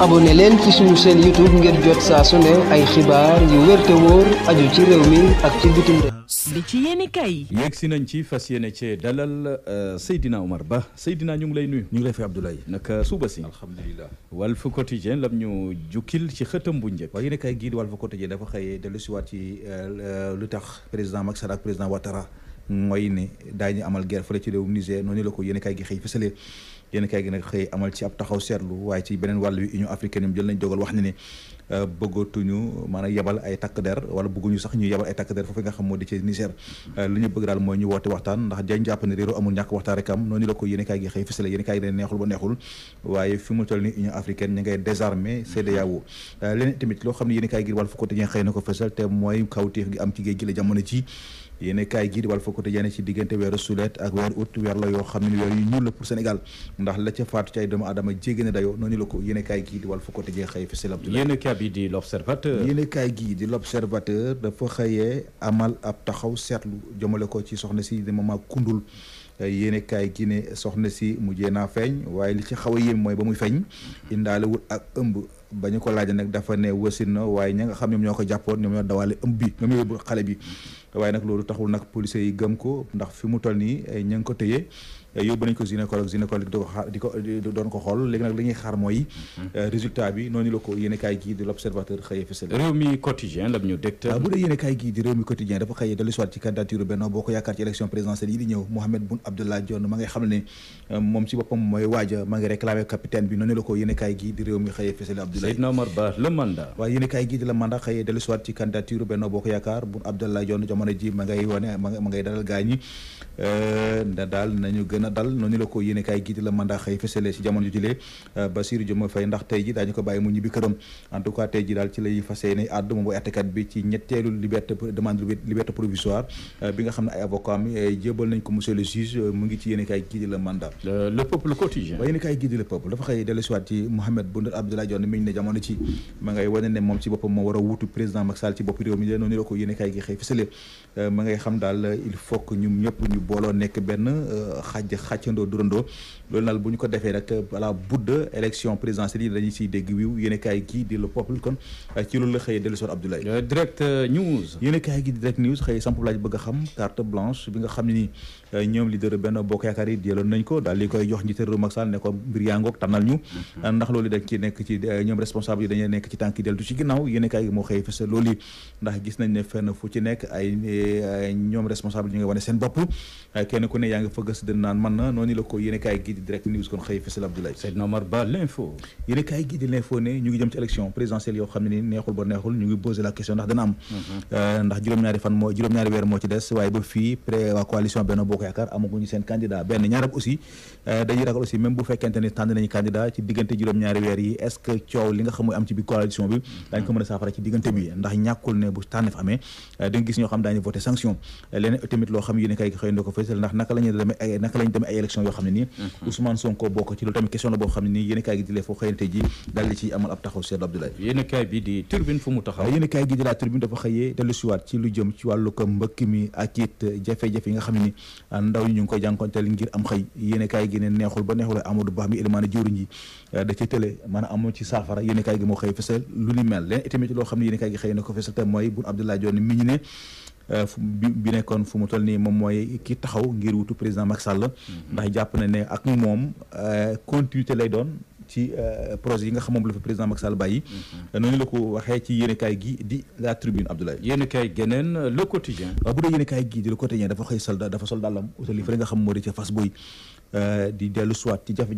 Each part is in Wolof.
abonné leen ci suñu chaîne YouTube ngir jot saa su ne ay xibaar yu wér te wóor aju ci réew mi ak ci bitim réew li ci yéeni yegg si nañ ci fas yéene ci dalal euh, Seydina Omar Ba Seydina ñu ngi lay nuyu ñu ngi lay fay Abdoulaye naka suba si alhamdulilah Walf Quotidien lam ñu jukkil ci xëtam bu njëkk waaw yéen kay gii di Walf Quotidien dafa xëyee dellu si waat ci euh, lu tax président Macky Sall ak président Ouattara mooy ne daañu amal guerre la ci réewum Niger noonu la ko yéen kay gi xëy fësalee yéen kay gi nag xëy amal ci ab taxaw seetlu waaye ci beneen wàll wi union africaine jël nañ dogal wax ne ne euh, bëggatuñu maanaam yebal ay takk der wala bëgguñu sax ñu yebal ay takk der foofu nga xam moo di ci Niger euh, li ñu bëgg daal mooy ñu woote waxtaan ndax jañ jàpp ne réero amul ñàkk waxtaan rek am noonu la ko yéen kaay gi xëy fësale yéen kaay gi ne neexul ba neexul waaye fi mu toll union africaine ñu ngay désarmé CEDEAO euh, leneen tamit loo xam ne yéen kaay gi wàllu fu ko tëjee xëy na ko fësal te mooy kawteef gi am ci géej gi la jamono yéen kaay gi di Walf Quotidien ci diggante weeru sulet ak weeru août weer la yoo xam ne weer yu ñuul la pour Sénégal ndax la ca faatu ci ay doomu aadama jéggi na dayoo noonu la ko yéen kaay gi di Walf Quotidien xëy fi si la yéen kaay di l'observateur yéen kaay gi di l'observateur dafa xëyee amal ab taxaw seetlu jëmale ko ci soxna si di Mama Koundoul yéene kaay gi ne soxna si mujjee naa feeñ waaye li ci xaw a yéem mooy ba muy feeñ indaalewul ak ëmb ba ñu ko laaj nag dafa ne wasin na waaye ña nga xam ñoom ñoo ko jàppoon ñoom ñoo dawaale ëmb bi ñoom yóbbu xale bi waaye nag loolu taxul nag policiers yi gëm ko ndax fi mu toll nii eh, ña ko téye eh, yóbbu nañ ko gynécologue gynécologue di xaar di ko doon ko xool léegi nag li xaar mooy mhm. eh, résultat bi noonu la ko yéene kaay di réew mi xëyee dellu soit waaye yéene kaay di la mandat xëyee dellu soit ci candidature Benno Bokk Yaakaar Boun Abdallah Dionne jamono ji ma ngay wane ma ngay dalal gaañ Euh, ne daal nañu gën a dal noonu la ko yéene kaay gii di la mandat xëy fësale si jamono jujilee euh, Bassirou Diomaye Faye ndax tey ji daañu ko bàyyi mu ñibbi këram en tout ji daal ci lay fas euh, mu ngi ci yéene kaay gii di la mandat le peuple quotidien waaye yéene gii di le peuple dafa xëy dellu siwaat ci Mouhamed Boun Abdallah Dionne mi ñu ne jamono ci ma ngay wane moom ci boppam moo war a président Macky Sall ci bopp réew mi lee noonu la ko yéene booloo nekk benn euh, xaj xàccandoo durandoo loolu nag bu ñu ko defee rek voilà euh, budde élection présidentielle yi dañuy si dégg wiw yéen a kaay gii di le peuple kon euh, ci loolu la xëyee dellu soor Abdoulaye. direct news. yéen a xëy samp laaj bëgg xam carte blanche bi nga xam ne ni ñoom leader benn bokk yaakaar yi jëloon nañ ko daal li koy jox njiitu réew Macky Sall ne ko mbir yaa tam nal ñu mm-hmm. ndax loolu dañ ci nekk ci ñoom responsable yi dañuy nekk ci tànk dellu deltu ci ginnaaw yéen a kaay gi moo xëy fës loolu nañ ne fenn fu ci nekk ay ñoom responsable ñu ngi wane seen bopp kenn ku ne yaa ngi fa gës dën naan man na noonu la ko yéen gii di direct news kon xëy fësal Abdoulaye Seydina Omar Ba l'info yéen gii di l'info ne ñu ngi jëm ci élection présidentielle yoo xam ni neexul ba neexul ñu ngi posé la question ndax dana am mm-hmm. euh, ndax juróom-ñaari weer moo ci des waaye ba fii pré waa coalition Benno Bokk Yaakaar amaguñu seen candidat benn ñaarab aussi euh, dañuy ragal aussi même bu fekkente ni tànn nañu ko fësal ndax naka lañu demee ay élection yoo xam ne nii mhm. Ousmane Sonko bokk ci loolu tamit question la boo xam ne nii yéen kaay gi di turbine fu mu taxaw yéen kaay gi di nga xam ne ni ndaw ñu ngi koy jànkonteel ngir am xëy yéen kaay gi ne neexul ba neexul Amadou Ba mi élément jawriñ yi eh, da ca tële maanaam amoon ci saafara yéen kaay gi moo xëy fësal lu ni mel leen itamit loo xam ne yéen kaay gi xëy na ko fësal te mooy bu Abdoulaye Dione mi ñu Euh, fu bi nekkoon fu mu toll nii moom mooy kii taxaw ngir wutu président Macky Sall mhm. ndax jàpp na ne ak moom euh, continuité lay doon ci euh, projet yi nga xam moom la fa président Macky Sall bàyyi mhm. noonu la ko waxee ci yéenekaay gi di la tribune Abdoulaye yéenekaay geneen le quotidien waaw bu dee yéenekaay gi di le dafa xëy sol dafa sol dàllam utali fa nga xam moo di ca fas Euh, di dellu soit ci jafe-jafe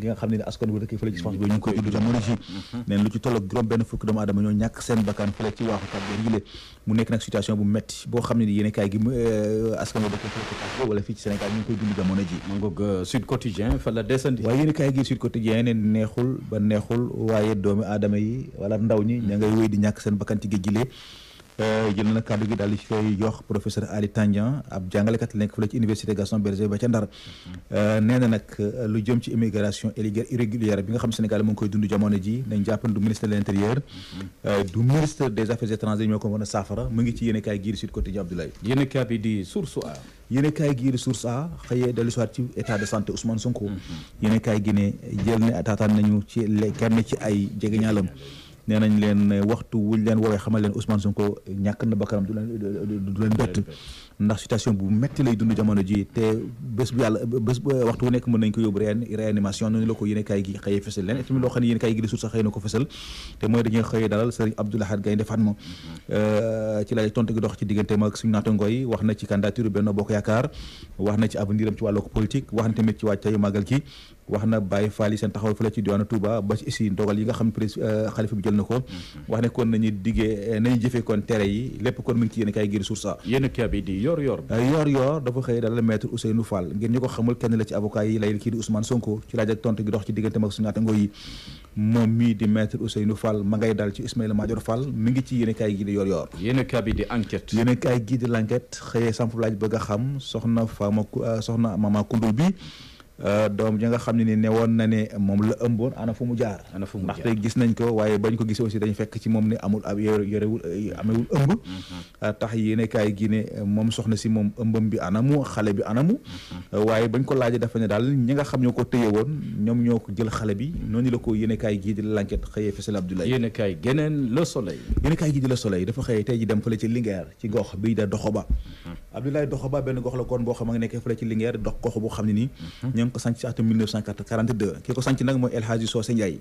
gi nga xam ne ne askan bu dëkk fële ci France bi ñu koy dund jamono ji mhm. neen lu ci tolloog juróom benn fukki doomu aadama ñoo seen bakkan fële ci waaxu kàddu gi nekk nag situation bu metti boo xam ne ni yéen kaay gi euh, wala fii ci Sénégal ñu ngi koy dund jamono ji mu ngoog euh, Sud Quotidien fa la desandi waaye yéen kaay gi Sud Quotidien ne neexul ba neexul waaye doomi aadama yi wala ndaw ñi ña ngay wéy di ñàkk seen bakkan ci géej gi Euh, jël na kàddu gi daal di koy jox professeur Ali Tandian ab jàngalekat la nekk fële ci université Gaston Berger ba ca Ndar euh, nee na nag lu jëm ci immigration irrégulière bi nga xam Sénégal mu ngi koy dund jamono ji nañ jàpp ne du ministre de l'intérieur euh, du ministre des affaires étrangères ñoo ko mën a saafara mu ngi ci yéen kaay giir Sud Quotidien Abdoulaye yéen kaay bi di Source A yéen kaay giir Source A xëyee dellu soit ci état de santé Ousmane Sonko mm-hmm. yéen kaay gi ne jël ne taataan nañu ci kenn ci ay jegeñaalam nee nañ leen waxtu wuñ leen woowee xamal leen Ousmane Sonko ñàkk na bakkanam du leen du leen bett ndax situation bu metti lay dund jamono ji te bés bu yàlla bés bu waxtu wu nekk mën nañ ko yóbbu réanimation noonu la ko yéene kaay gi xëyee fësal leen tamit loo xam ne yéene kaay gi di suuf sax xëy na ko fësal te mooy dañuy xëyee dalal Serigne Abdou Lahad Gaynde Fatma euh, ci laaj tontu gi dox ci diggante mag suñu naatango yi wax na ci candidature Benno Bokk Yaakaar na ci avenir am ci wàllu politique wax na tamit ci wàccayu màggal wax na Baye Fall yi seen taxaw fële ci diwaanu Touba ba ci euh, ko mhm. wax ne kon nañu diggee euh, lépp kon mu ngi ci yéen kay ngir source a yéen kii di yor yor euh, yor yor dafa xëy dalal maître Ousseynou Fall ngir ñu ko xamul kenn la ci avocat yi layil kii di Ousmane Sonko ci laaj ak tontu gi dox ci diggante mag ma ngay dal ci Ismaïla Madior Fall mi ngi ci yéen kay gi di yor yor yéen kii bi di enquête yéen kay gi di l'enquête xëyee samp laaj bëgg a xam soxna Fama soxna Mama bi Euh, doom ji nga xam ne ni ne woon na ne moom la ëmboon ana fu mu jaar ndaxte gis nañ ko waaye bañ ko gis aussi dañ fekk ci moom ne amul ab yorewul amewul ëmb mm-hmm. euh, tax yéene kaay gi ne moom soxna si moom ëmbëm bi mu xale bi anamu mm-hmm. euh, waaye bañ ko laajee dafa ne daal ñi nga xam ñoo ko téye woon ñoom ñoo ko jël xale bi noonu la ko yéene kaay gii di l'enquête xëyee Fessel Abdoulaye yéene kaay geneen le soleil yéene kaay gii di le soleil dafa xëyee tey ji dem fële ci Linguère ci gox bii da doxo ba mm-hmm. Abdoulaye Doxoba benn gox la koon boo xam nga nekkee fële ci Linguère dox gox xam ne nii mhm. ñoo ko sanc ci atum 1942 ki ko sanc nag mooy El Hadji Socé Ndiaye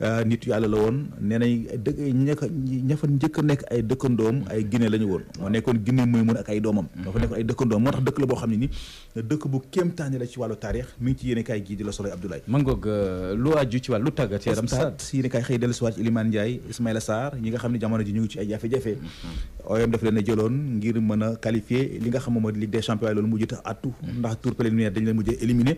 Euh, nit yàlla la woon nee nañ dëkk ñaka ñafa njëkk a nekk ay dëkkandoom ay Guinée la ñu woon moo nekkoon Guinée mooy mun ak ay doomam mm-hmm. dafa nekkoon ay dëkkandoom moo tax dëkk la boo xam ne ni dëkk bu kéemtaane la ci wàllu taarix mi ngi ci yéene kaay gii si euh, yéene kaay xëy dellu si waat ci nga xam ne jamono ji ñu ngi ci ay jafe-jafe OM mm-hmm. daf leen a ngir mën a qualifier nga xam moom mooy Ligue des champions loolu mujj tax attu mm-hmm. ndax tour préliminaire dañ leen mujjee éliminé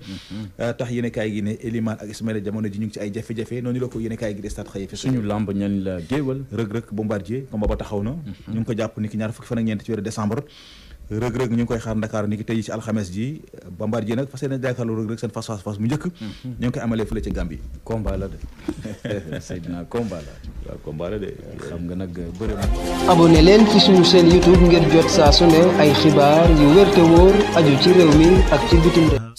euh, tax yéene kaay gi ne Iliman ak Ismaïla jamono ji ñu ngi ci ay jafe-jafe noonu la ko yéen kaay gi di stade xëy fi suñu lamb ñan la géewal rëg-rëg bombardier combat ba taxaw na mhm. ñu ngi ko jàpp ni ki ñaar fukki fan ñeent ci weeru décembre rëg-rëg ñu ngi koy xaar Dakar ni ki tey ci alxames ji bombardier nag fas yéene jàkkaarloo rëg-rëg seen face face face mu njëkk mhm. ñu ngi koy amalee fële ci Gambie combat de Seydina combat la de xam nga nag bëri na abonné leen ci suñu chaîne YouTube ngir jot saa su ne ay xibaar yu wér wóor aju ci réew mi ak